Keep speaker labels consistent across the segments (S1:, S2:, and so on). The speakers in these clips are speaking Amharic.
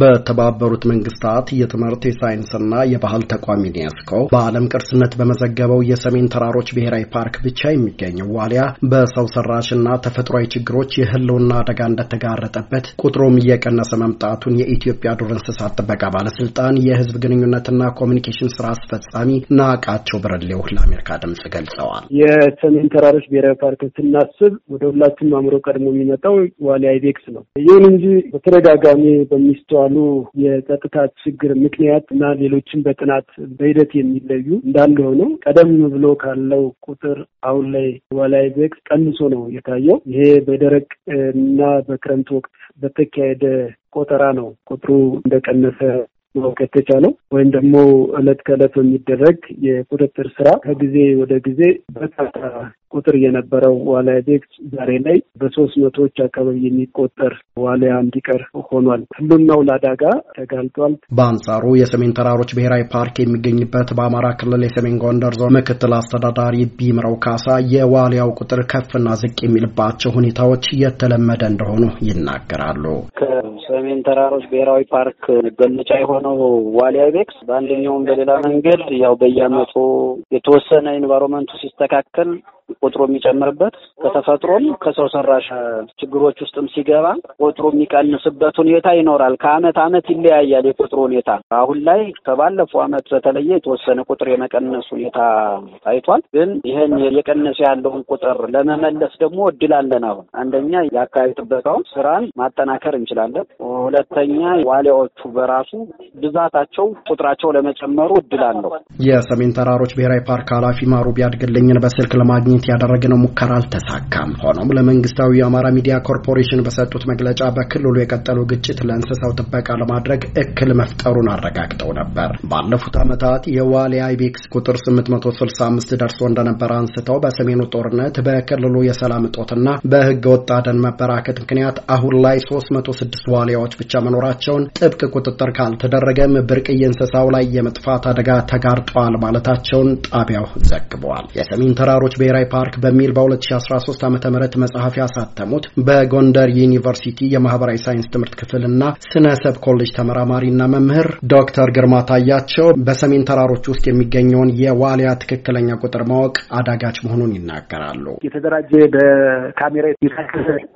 S1: በተባበሩት መንግስታት የትምህርት የሳይንስና የባህል ተቋም ዩኔስኮ በዓለም ቅርስነት በመዘገበው የሰሜን ተራሮች ብሔራዊ ፓርክ ብቻ የሚገኘው ዋሊያ በሰው ሰራሽና ተፈጥሯዊ ችግሮች የህልውና አደጋ እንደተጋረጠበት ቁጥሩም እየቀነሰ መምጣቱን የኢትዮጵያ ዱር እንስሳት ጥበቃ ባለስልጣን የህዝብ ግንኙነትና ኮሚኒኬሽን ስራ አስፈጻሚ ናቃቸው ብረሌው ለአሜሪካ ድምጽ ገልጸዋል።
S2: የሰሜን ተራሮች ብሔራዊ ፓርክ ስናስብ ወደ ሁላችንም አእምሮ ቀድሞ የሚመጣው ዋሊያ አይቤክስ ነው። ይሁን እንጂ በተደጋጋሚ በሚስተዋ በመሆኑ የጸጥታ ችግር ምክንያት እና ሌሎችም በጥናት በሂደት የሚለዩ እንዳለ ሆነው ቀደም ብሎ ካለው ቁጥር አሁን ላይ ዋላይ ቤክስ ቀንሶ ነው የታየው። ይሄ በደረቅ እና በክረምት ወቅት በተካሄደ ቆጠራ ነው ቁጥሩ እንደቀነሰ ማውቀት ተቻለው ወይም ደግሞ እለት ከእለት የሚደረግ የቁጥጥር ስራ ከጊዜ ወደ ጊዜ በርካታ ቁጥር የነበረው ዋልያ ቤክስ ዛሬ ላይ በሶስት መቶዎች አካባቢ የሚቆጠር ዋልያ እንዲቀር ሆኗል። ህልውናው ለአደጋ ተጋልጧል።
S1: በአንጻሩ የሰሜን ተራሮች ብሔራዊ ፓርክ የሚገኝበት በአማራ ክልል የሰሜን ጎንደር ዞን ምክትል አስተዳዳሪ ቢምረው ካሳ የዋልያው ቁጥር ከፍና ዝቅ የሚልባቸው ሁኔታዎች የተለመደ እንደሆኑ ይናገራሉ።
S2: ሰሜን ተራሮች ብሔራዊ ፓርክ መገለጫ የሆነው ዋልያ ቤክስ በአንደኛውም በሌላ መንገድ ያው በየአመቱ የተወሰነ ኢንቫይሮመንቱ ሲስተካከል ቁጥሩ የሚጨምርበት ከተፈጥሮም ከሰው ሰራሽ ችግሮች ውስጥም ሲገባ ቁጥሩ የሚቀንስበት ሁኔታ ይኖራል። ከአመት አመት ይለያያል የቁጥሩ ሁኔታ። አሁን ላይ ከባለፈው አመት በተለየ የተወሰነ ቁጥር የመቀነስ ሁኔታ ታይቷል። ግን ይህን የቀነሰ ያለውን ቁጥር ለመመለስ ደግሞ እድል አለን። አሁን አንደኛ የአካባቢ ጥበቃው ስራን ማጠናከር እንችላለን። ሁለተኛ ዋሊያዎቹ በራሱ ብዛታቸው ቁጥራቸው ለመጨመሩ እድል አለው።
S1: የሰሜን ተራሮች ብሔራዊ ፓርክ ኃላፊ ማሩ ቢያድግልኝን በስልክ ለማግኘት ለማግኘት ያደረግነው ሙከራ አልተሳካም። ሆኖም ለመንግስታዊ የአማራ ሚዲያ ኮርፖሬሽን በሰጡት መግለጫ በክልሉ የቀጠሉ ግጭት ለእንስሳው ጥበቃ ለማድረግ እክል መፍጠሩን አረጋግጠው ነበር። ባለፉት ዓመታት የዋሊያ አይቤክስ ቁጥር 865 ደርሶ እንደነበረ አንስተው በሰሜኑ ጦርነት በክልሉ የሰላም እጦትና በህገ ወጥ አደን መበራከት ምክንያት አሁን ላይ 306 ዋሊያዎች ብቻ መኖራቸውን ጥብቅ ቁጥጥር ካልተደረገም ብርቅዬ እንስሳው ላይ የመጥፋት አደጋ ተጋርጧል ማለታቸውን ጣቢያው ዘግቧል። የሰሜን ተራሮች ብሔራዊ ፓርክ በሚል በ2013 ዓ ም መጽሐፍ ያሳተሙት በጎንደር ዩኒቨርሲቲ የማህበራዊ ሳይንስ ትምህርት ክፍልና ስነ ሰብ ኮሌጅ ተመራማሪና መምህር ዶክተር ግርማ ታያቸው በሰሜን ተራሮች ውስጥ የሚገኘውን የዋሊያ ትክክለኛ ቁጥር ማወቅ አዳጋች መሆኑን ይናገራሉ።
S2: የተደራጀ በካሜራ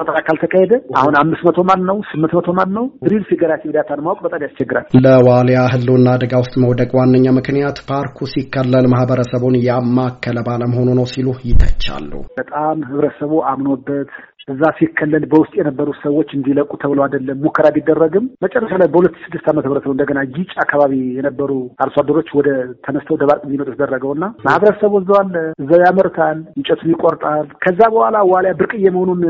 S2: ቆጠራ ካልተካሄደ አሁን አምስት መቶ ማን ነው ስምንት መቶ ማን ነው ድሪል ፊገራቲቭ ዳታን ማወቅ በጣም ያስቸግራል።
S1: ለዋሊያ ህልውና አደጋ ውስጥ መውደቅ ዋነኛ ምክንያት ፓርኩ ሲከለል ማህበረሰቡን ያማከለ ባለመሆኑ ነው ሲሉ አግኝታቸዋለሁ።
S2: በጣም ህብረተሰቡ አምኖበት እዛ ሲከለል በውስጥ የነበሩ ሰዎች እንዲለቁ ተብሎ አይደለም ሙከራ ቢደረግም መጨረሻ ላይ በሁለት ስድስት ዓመተ ምህረት ነው እንደገና ጊጭ አካባቢ የነበሩ አርሶ አደሮች ወደ ተነስተው ደባርቅ እንዲመጡ ተደረገው እና ማህበረሰቡ እዛው እዛው ያመርታል፣ እንጨቱን ይቆርጣል። ከዛ በኋላ ዋሊያ ብርቅዬ መሆኑን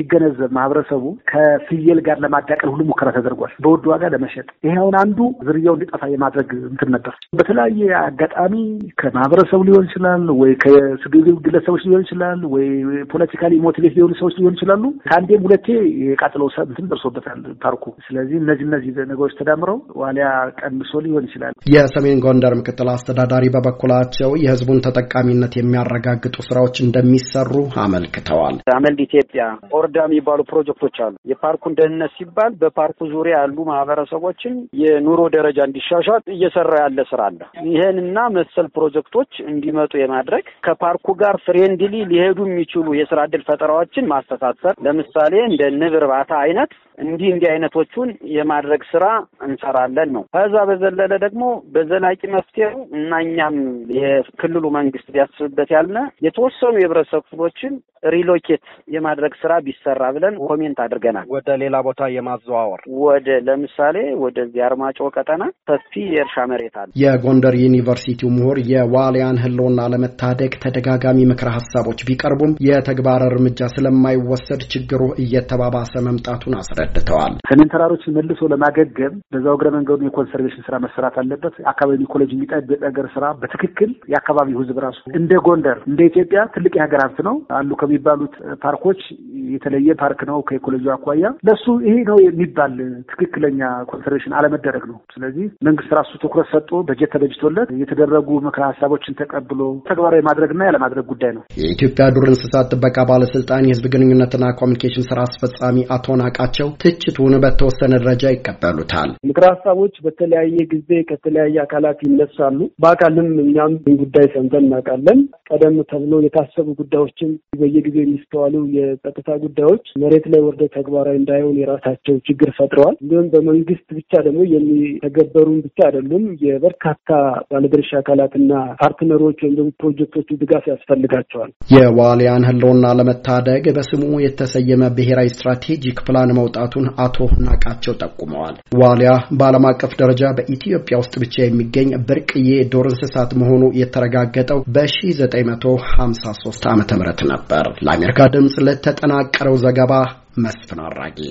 S2: ሲገነዘብ ማህበረሰቡ ከፍየል ጋር ለማዳቀል ሁሉ ሙከራ ተደርጓል፣ በውድ ዋጋ ለመሸጥ። ይሄ አሁን አንዱ ዝርያው እንዲጠፋ የማድረግ እንትን ነበር። በተለያየ አጋጣሚ ከማህበረሰቡ ሊሆን ይችላል ወይ ከግለሰቦች ሊሆን ይችላል ወይ ፖለቲካሊ ሞቲቬት ሊሆኑ ሰዎች ሊሆን ይችላሉ። ከአንዴም ሁለቴ የቃጥለው እንትን ደርሶበታል ፓርኩ። ስለዚህ እነዚህ እነዚህ ነገሮች ተዳምረው ዋሊያ ቀንሶ ሊሆን ይችላል።
S1: የሰሜን ጎንደር ምክትል አስተዳዳሪ በበኩላቸው የህዝቡን ተጠቃሚነት የሚያረጋግጡ ስራዎች እንደሚሰሩ አመልክተዋል።
S2: አመልድ ኢትዮጵያ ኦርዳ የሚባሉ ፕሮጀክቶች አሉ። የፓርኩን ደህንነት ሲባል በፓርኩ ዙሪያ ያሉ ማህበረሰቦችን የኑሮ ደረጃ እንዲሻሻል እየሰራ ያለ ስራ አለ። ይህንና መሰል ፕሮጀክቶች እንዲመጡ የማድረግ ከፓርኩ ጋር ፍሬንድሊ ሊሄዱ የሚችሉ የስራ እድል ፈጠራዎችን ማስተሳ በመሳሰል ለምሳሌ እንደ ንብ እርባታ አይነት እንዲህ እንዲህ አይነቶቹን የማድረግ ስራ እንሰራለን ነው። ከዛ በዘለለ ደግሞ በዘላቂ መፍትሄው እና እኛም የክልሉ መንግስት ቢያስብበት ያልነ የተወሰኑ የህብረተሰብ ክፍሎችን ሪሎኬት የማድረግ ስራ ቢሰራ ብለን ኮሜንት አድርገናል። ወደ ሌላ ቦታ የማዘዋወር ወደ ለምሳሌ ወደዚህ አርማጮ ቀጠና ሰፊ የእርሻ መሬት አለ።
S1: የጎንደር ዩኒቨርሲቲው ምሁር የዋልያን ህልውና ለመታደግ ተደጋጋሚ ምክረ ሀሳቦች ቢቀርቡም የተግባር እርምጃ ስለማይወ በመወሰድ ችግሩ እየተባባሰ መምጣቱን አስረድተዋል።
S2: ሰሜን ተራሮችን መልሶ ለማገገም በዛው እግረ መንገዱ የኮንሰርቬሽን ስራ መሰራት አለበት። አካባቢ ኢኮሎጂ የሚጠገር ስራ በትክክል የአካባቢው ህዝብ ራሱ እንደ ጎንደር እንደ ኢትዮጵያ ትልቅ የሀገር ሀብት ነው አሉ ከሚባሉት ፓርኮች የተለየ ፓርክ ነው። ከኢኮሎጂ አኳያ ለሱ ይሄ ነው የሚባል ትክክለኛ ኮንሰርቬሽን አለመደረግ ነው። ስለዚህ መንግስት ራሱ ትኩረት ሰጥቶ በጀት ተበጅቶለት የተደረጉ ምክረ ሀሳቦችን ተቀብሎ ተግባራዊ ማድረግና ያለማድረግ ጉዳይ ነው።
S1: የኢትዮጵያ ዱር እንስሳት ጥበቃ ባለስልጣን የህዝብ ግንኙነት ግንኙነትና ኮሚኒኬሽን ስራ አስፈጻሚ አቶ ናቃቸው ትችቱን በተወሰነ ደረጃ ይቀበሉታል።
S2: ምክረ ሀሳቦች በተለያየ ጊዜ ከተለያየ አካላት ይነሳሉ። በአካልም እኛም ጉዳይ ሰምተን እናውቃለን። ቀደም ተብሎ የታሰቡ ጉዳዮችን በየጊዜው የሚስተዋሉ የጸጥታ ጉዳዮች መሬት ላይ ወርደው ተግባራዊ እንዳይሆን የራሳቸው ችግር ፈጥረዋል። እንዲሁም በመንግስት ብቻ ደግሞ የሚተገበሩን ብቻ አይደሉም። የበርካታ ባለድርሻ አካላትና ፓርትነሮች ወይም ደግሞ ፕሮጀክቶቹ ድጋፍ ያስፈልጋቸዋል።
S1: የዋሊያን ህልውና ለመታደግ በስሙ የተሰየመ ብሔራዊ ስትራቴጂክ ፕላን መውጣቱን አቶ ናቃቸው ጠቁመዋል። ዋሊያ በዓለም አቀፍ ደረጃ በኢትዮጵያ ውስጥ ብቻ የሚገኝ ብርቅዬ የዱር እንስሳት መሆኑ የተረጋገጠው በ1953 ዓ
S2: ም ነበር። ለአሜሪካ
S1: ድምፅ ለተጠናቀረው ዘገባ መስፍን አራጌ